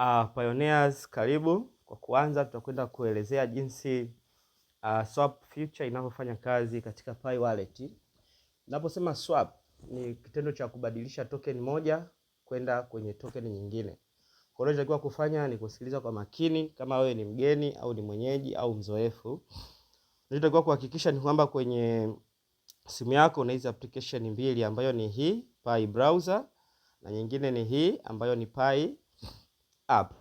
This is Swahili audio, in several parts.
Uh, pioneers karibu. Kwa kuanza, tutakwenda kuelezea jinsi uh, swap future inavyofanya kazi katika Pi Wallet. Naposema swap ni kitendo cha kubadilisha token moja kwenda kwenye token nyingine. Kwa hiyo unachotakiwa kufanya ni kusikiliza kwa makini, kama wewe ni mgeni au ni mwenyeji au mzoefu. Unachotakiwa kuhakikisha ni kwamba kwenye simu yako una hizi application mbili, ambayo ni hii Pi browser na nyingine ni hii ambayo ni Pi app.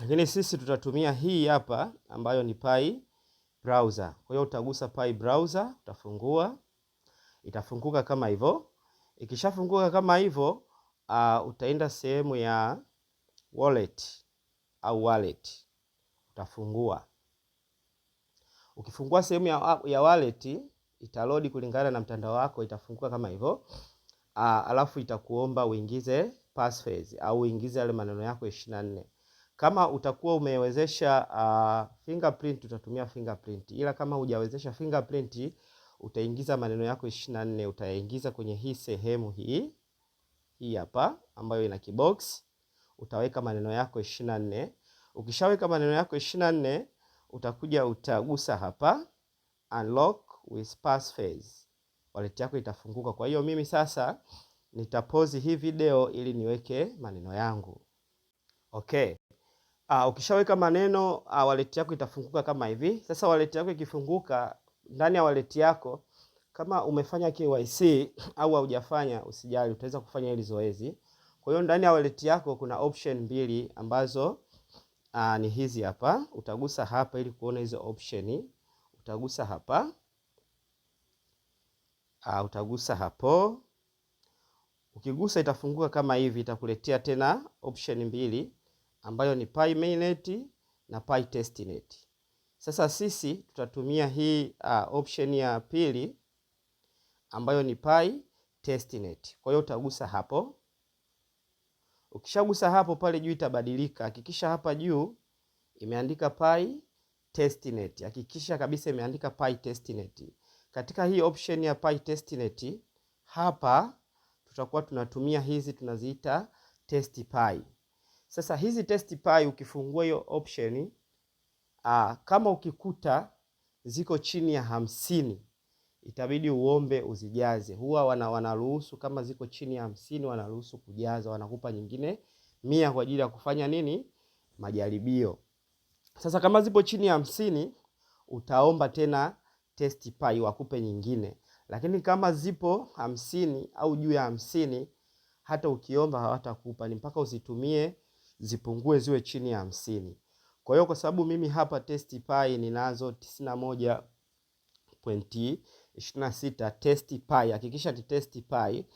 Lakini sisi tutatumia hii hapa ambayo ni Pi browser. Kwa hiyo utagusa Pi browser, utafungua, itafunguka kama hivyo. Ikishafunguka kama hivyo, uh, utaenda sehemu ya wallet au wallet. Utafungua. Ukifungua sehemu ya, ya wallet itarodi kulingana na mtandao wako, itafunguka kama hivyo. Uh, alafu itakuomba uingize passphrase au uingize yale maneno yako 24. nne. Kama utakuwa umewezesha uh, fingerprint utatumia fingerprint, ila kama hujawezesha fingerprint utaingiza maneno yako 24, nne, utayaingiza kwenye hii sehemu hii hii hapa ambayo ina kibox, utaweka maneno yako 24. na nne. Ukishaweka maneno yako 24, na nne utakuja utagusa hapa unlock with passphrase, wallet yako itafunguka. Kwa hiyo mimi sasa nitapozi hii video ili niweke maneno yangu. Okay. Uh, ukishaweka maneno uh, wallet yako itafunguka kama hivi. Sasa wallet yako ikifunguka, ndani ya wallet yako kama umefanya KYC au haujafanya, usijali, utaweza kufanya hili zoezi. Kwa hiyo ndani ya wallet yako kuna option mbili ambazo uh, ni hizi hapa. Utagusa hapa ili kuona hizo option, utagusa hapa uh, utagusa hapo Ukigusa itafunguka kama hivi, itakuletea tena option mbili ambayo ni Pi mainnet na Pi testnet. Sasa sisi tutatumia hii uh, option ya pili ambayo ni Pi testnet. Kwa hiyo utagusa hapo. Ukishagusa hapo, pale juu itabadilika. Hakikisha hapa juu imeandika Pi testnet, hakikisha kabisa imeandika Pi testnet. Katika hii option ya Pi testnet hapa tutakuwa tunatumia hizi tunaziita test pi. Sasa hizi test pi ukifungua hiyo option aa, ah, kama ukikuta ziko chini ya hamsini itabidi uombe uzijaze. Huwa wana wanaruhusu kama ziko chini ya hamsini wanaruhusu kujaza, wanakupa nyingine mia kwa ajili ya kufanya nini, majaribio. Sasa kama zipo chini ya hamsini utaomba tena test pi wakupe nyingine. Lakini kama zipo hamsini au juu ya hamsini, hata ukiomba hawatakupa, ni mpaka uzitumie zipungue ziwe chini ya hamsini. Kwa hiyo kwa sababu mimi hapa pi ninazo tisini na moja pointi ishirini na sita TestPay, hakikisha ni pi.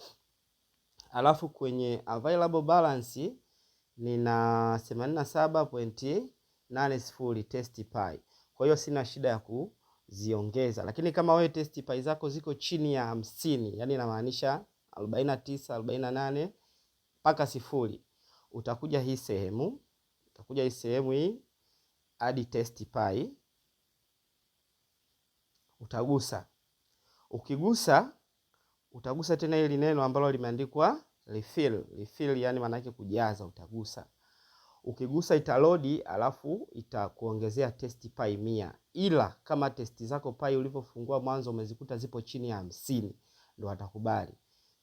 Alafu kwenye available balance nina themanini na saba pointi nane sifuri TestPay. Kwa hiyo sina shida ya ku ziongeza. Lakini kama wewe test pi zako ziko chini ya hamsini, yani inamaanisha 49, 48 mpaka sifuri, utakuja hii sehemu, utakuja hii sehemu hii hadi test pi utagusa. Ukigusa utagusa tena hili neno ambalo limeandikwa refill. Refill yani maana yake kujaza, utagusa Ukigusa italodi alafu itakuongezea testi pai mia, ila kama testi zako pai ulivyofungua mwanzo umezikuta zipo chini ya hamsini ndo atakubali.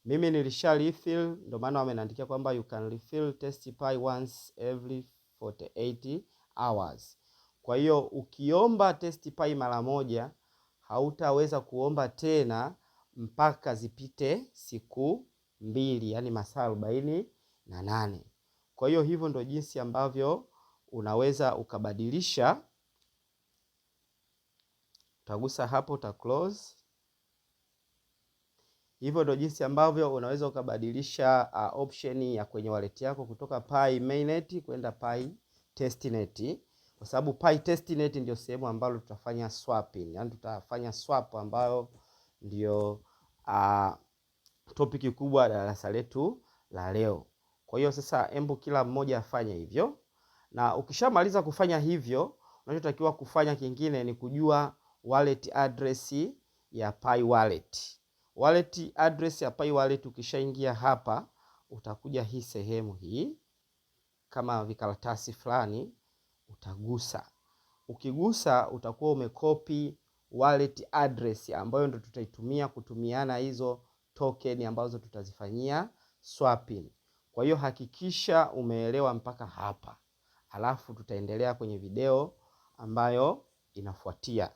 Mimi nilisha refill, ndo maana wameniandikia kwamba you can refill test pai once every 48 hours. Kwa hiyo ukiomba test pai mara moja hautaweza kuomba tena mpaka zipite siku mbili, yani masaa arobaini na nane. Kwa hiyo hivyo ndo jinsi ambavyo unaweza ukabadilisha. Utagusa hapo uta close. Hivyo ndo jinsi ambavyo unaweza ukabadilisha uh, option ya kwenye wallet yako kutoka Pi mainnet kwenda Pi testnet, kwa sababu Pi testnet ndio sehemu ambalo tutafanya swapping, yani tutafanya swap ambayo ndio uh, topic kubwa darasa letu la leo. Kwa hiyo sasa, embu kila mmoja afanye hivyo, na ukishamaliza kufanya hivyo, unachotakiwa kufanya kingine ni kujua wallet address ya Pi Wallet. Wallet address ya Pi Wallet, ukishaingia hapa utakuja hii sehemu hii kama vikaratasi fulani utagusa. Ukigusa utakuwa umekopi wallet address ambayo ndo tutaitumia kutumiana hizo token ambazo tutazifanyia swapping. Kwa hiyo hakikisha umeelewa mpaka hapa, alafu tutaendelea kwenye video ambayo inafuatia.